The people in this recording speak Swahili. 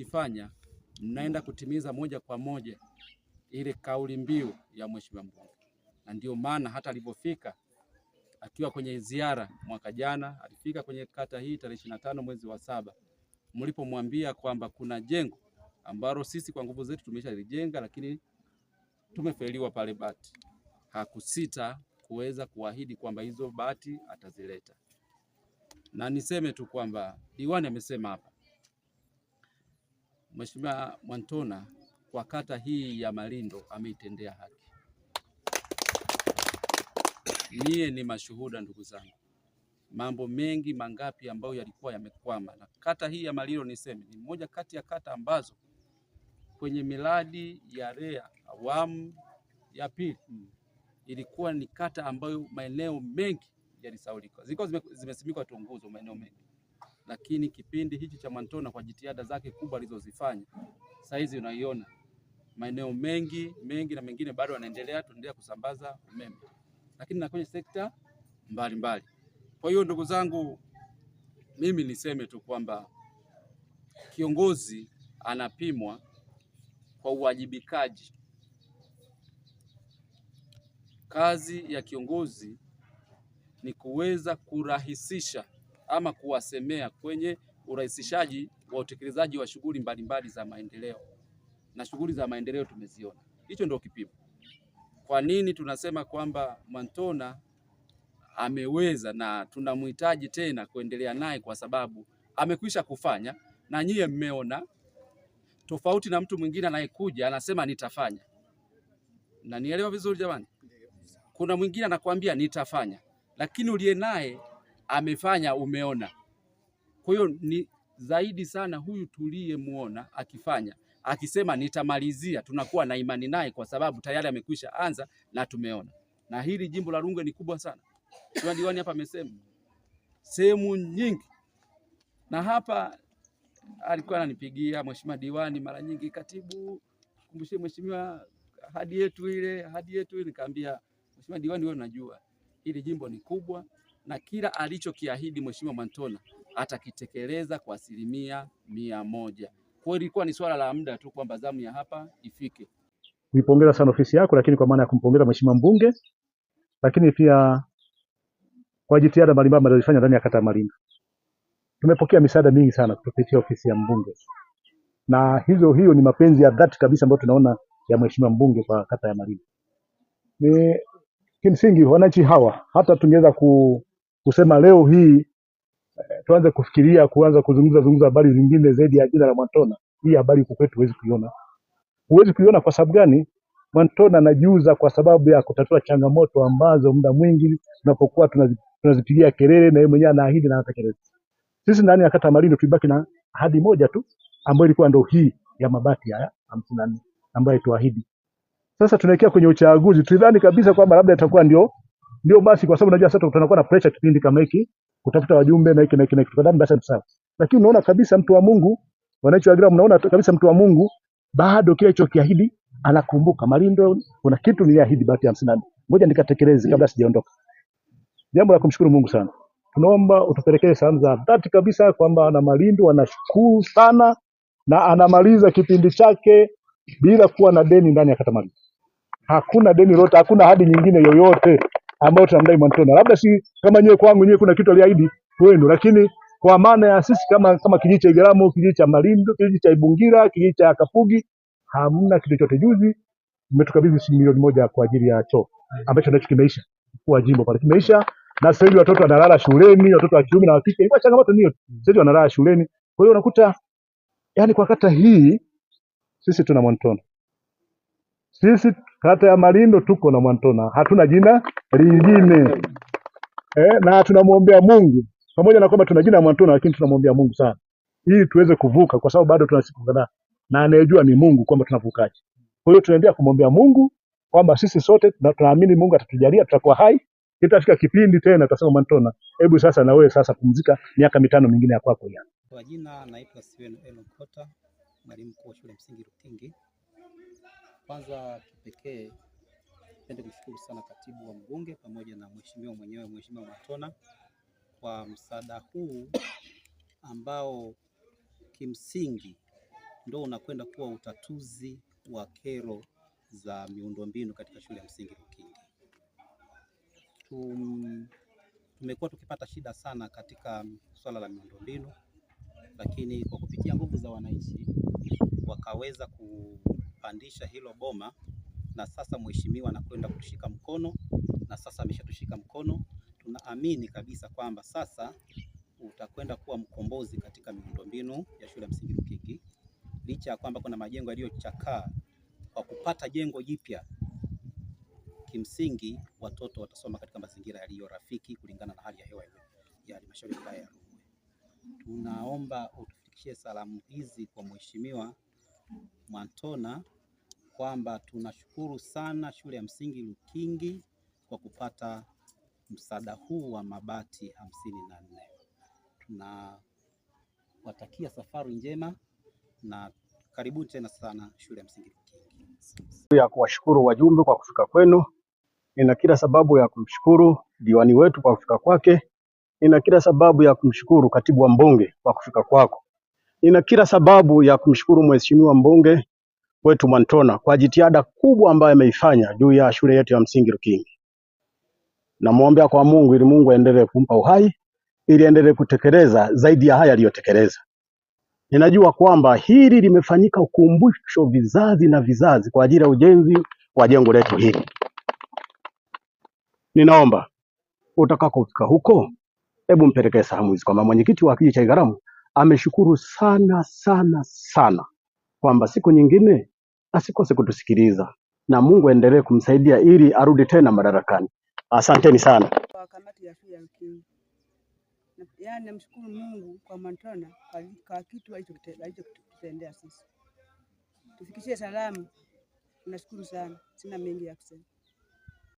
mtakachokifanya mnaenda kutimiza moja kwa moja ile kauli mbiu ya mheshimiwa mbunge, na ndio maana hata alipofika akiwa kwenye ziara mwaka jana, alifika kwenye kata hii tarehe 25 tano mwezi wa saba, mlipomwambia kwamba kuna jengo ambalo sisi kwa nguvu zetu tumeshalijenga lakini tumefeliwa pale bati, hakusita kuweza kuahidi kwamba hizo bati atazileta, na niseme tu kwamba diwani amesema hapa Mheshimiwa Mwantona kwa kata hii ya Marindo ameitendea haki. mie ni mashuhuda ndugu zangu, mambo mengi mangapi ambayo yalikuwa yamekwama, na kata hii ya Marindo niseme ni moja kati ya kata ambazo kwenye miradi ya REA awamu ya pili hmm. ilikuwa ni kata ambayo maeneo mengi yalisaulika, zilikuwa zimesimikwa tu nguzo maeneo mengi lakini kipindi hichi cha mantona kwa jitihada zake kubwa alizozifanya, saizi unaiona maeneo mengi mengi na mengine bado yanaendelea, tunaendelea kusambaza umeme, lakini na kwenye sekta mbalimbali. Kwa hiyo ndugu zangu, mimi niseme tu kwamba kiongozi anapimwa kwa uwajibikaji. Kazi ya kiongozi ni kuweza kurahisisha ama kuwasemea kwenye urahisishaji wa utekelezaji wa shughuli mbalimbali za maendeleo, na shughuli za maendeleo tumeziona. Hicho ndio kipimo. Kwa nini tunasema kwamba Mwantona ameweza na tunamhitaji tena kuendelea naye, kwa sababu amekwisha kufanya na nyiye mmeona, tofauti na mtu mwingine anayekuja anasema nitafanya. Na nielewa vizuri jamani, kuna mwingine anakuambia nitafanya, lakini uliye naye amefanya umeona. Kwa hiyo ni zaidi sana huyu tuliyemwona akifanya akisema nitamalizia, tunakuwa na imani naye kwa sababu tayari amekwisha anza na tumeona. Na hili jimbo la Rungwe ni kubwa sana, tuna diwani hapa amesema sehemu nyingi, na hapa alikuwa ananipigia mheshimiwa diwani mara nyingi, katibu, kumbushie mheshimiwa hadi yetu ile, hadi yetu ile. Nikamwambia mheshimiwa diwani, wewe unajua hili jimbo ni kubwa, na kila alichokiahidi Mheshimiwa Mwantona atakitekeleza kwa asilimia mia moja. Kwa hiyo ilikuwa ni swala la muda tu kwamba zamu ya hapa ifike. Nipongeza sana ofisi yako, lakini kwa maana ya kumpongeza Mheshimiwa mbunge, lakini pia kwa jitihada mbalimbali alizofanya ndani ya kata ya Malinga. Tumepokea misaada mingi sana kupitia ofisi ya mbunge, na hizo hiyo ni mapenzi ya dhati kabisa ambayo tunaona ya Mheshimiwa mbunge kwa kata ya Malinga. Ni kimsingi wananchi hawa hata tungeweza ku kusema leo hii eh, tuanze kufikiria kuanza kuzungumza zungumza habari zingine zaidi ya jina la Mwantona. Hii habari huko kwetu huwezi kuiona, huwezi kuiona. Kwa sababu gani? Mwantona anajiuza kwa sababu ya kutatua changamoto ambazo muda mwingi tunapokuwa tunazipigia kelele na yeye mwenyewe anaahidi na anatekeleza. Sisi ndani ya kata Marindo tulibaki na ahadi moja tu ambayo ilikuwa ndio hii ya mabati haya hamsini na nne ambayo tuahidi. Sasa tunaelekea kwenye uchaguzi, tulidhani kabisa kwamba labda itakuwa ndio ndio basi, kwa sababu najua sasa tunakuwa na pressure kipindi kama hiki kutafuta wajumbe na hiki na hiki na hiki, tukadhani basi ni sawa, lakini unaona kabisa mtu wa Mungu, wananchi wa Gira, mnaona kabisa mtu wa Mungu bado kile kiahidi anakumbuka. Malindo, kuna kitu niliahidi bahati ya msinani, ngoja nikatekeleze kabla sijaondoka. Jambo la kumshukuru Mungu sana, tunaomba utupelekee salamu za dhati kabisa kwamba ana Malindo anashukuru sana na anamaliza kipindi chake bila kuwa na deni ndani ya kata Marindo. Hakuna deni lolote, hakuna hadi nyingine yoyote ambao tunamdai Montana. Labda si kama nyewe kwangu nyewe kuna kitu aliahidi kwenu, lakini kwa maana ya sisi kama kama kijiji cha Igaramo, kijiji cha Malindo, kijiji cha Ibungira, kijiji cha Kapugi hamna kitu chochote. Juzi umetukabidhi shilingi milioni moja kwa ajili ya choo ambacho nacho kimeisha, kwa jimbo pale kimeisha, na sasa hivi watoto wanalala shuleni, watoto wa kiume na wa kike. Ilikuwa changamoto niyo, sasa hivi wanalala shuleni. Kwa hiyo unakuta yani, kwa kata hii sisi tuna Montana sisi kata ya Malindo tuko na Mwantona, hatuna jina lingine eh, na tunamwombea Mungu pamoja na kwamba tuna jina Mwantona, lakini tunamwombea Mungu sana ili tuweze kuvuka, kwa sababu bado tuna siku kadhaa, na anayejua ni Mungu kwamba tunavukaje. Kwa hiyo tunaendelea kumwombea Mungu kwamba sisi sote tunaamini Mungu atatujalia, tutakuwa hai. Itafika kipindi tena tutasema Mwantona, hebu sasa na wewe sasa pumzika, miaka mitano mingine ya kwako. Kwa jina naitwa Steven Elokota, mwalimu mkuu wa shule msingi Rukingi. Kwanza kipekee nipende kushukuru sana katibu wa mbunge pamoja na mheshimiwa mwenyewe Mheshimiwa matona kwa msaada huu ambao kimsingi ndo unakwenda kuwa utatuzi wa kero za miundombinu katika shule ya msingi Lukingi. tumekuwa tukipata shida sana katika swala la miundombinu, lakini kwa kupitia nguvu za wananchi wakaweza ku kupandisha hilo boma, na sasa mheshimiwa anakwenda kutushika mkono, na sasa ameshatushika mkono. Tunaamini kabisa kwamba sasa utakwenda kuwa mkombozi katika miundombinu ya shule ya msingi Rukiki, licha ya kwamba kuna majengo yaliyochakaa. Kwa kupata jengo jipya, kimsingi watoto watasoma katika mazingira yaliyo rafiki kulingana na hali ya hewa ya halmashauri ya wilaya ya Rungwe. Tunaomba utufikishie salamu hizi kwa mheshimiwa Mwantona kwamba tunashukuru sana shule ya msingi Lukingi kwa kupata msaada huu wa mabati hamsini na nne. Tunawatakia safari njema na karibuni tena sana shule ya msingi Lukingi. Ya kuwashukuru wajumbe kwa kufika kwenu, nina kila sababu ya kumshukuru diwani wetu kwa kufika kwake, nina kila sababu ya kumshukuru katibu wa mbunge kwa kufika kwako. Nina kila sababu ya kumshukuru Mheshimiwa mbunge wetu Mwantona kwa jitihada kubwa ambayo ameifanya juu ya shule yetu ya msingi rukingi Namwombea kwa Mungu ili Mungu aendelee kumpa uhai ili aendelee kutekeleza zaidi ya haya aliyotekeleza. Ninajua kwamba hili limefanyika ukumbusho vizazi na vizazi kwa ajili ya ujenzi wa jengo letu hili. Ninaomba utakakofika huko, hebu mpelekee salamu hizi kwamba mwenyekiti wa kijiji cha Igaramu ameshukuru sana sana sana kwamba siku nyingine asikose kutusikiliza na Mungu aendelee kumsaidia ili arudi tena madarakani. Asanteni sana. Kwa kamati ya Yaani namshukuru Mungu kwa Mantona kwa, kwa kitu alichotutendea sisi. Tufikishie salamu. Nashukuru sana. Sina mengi ya kusema.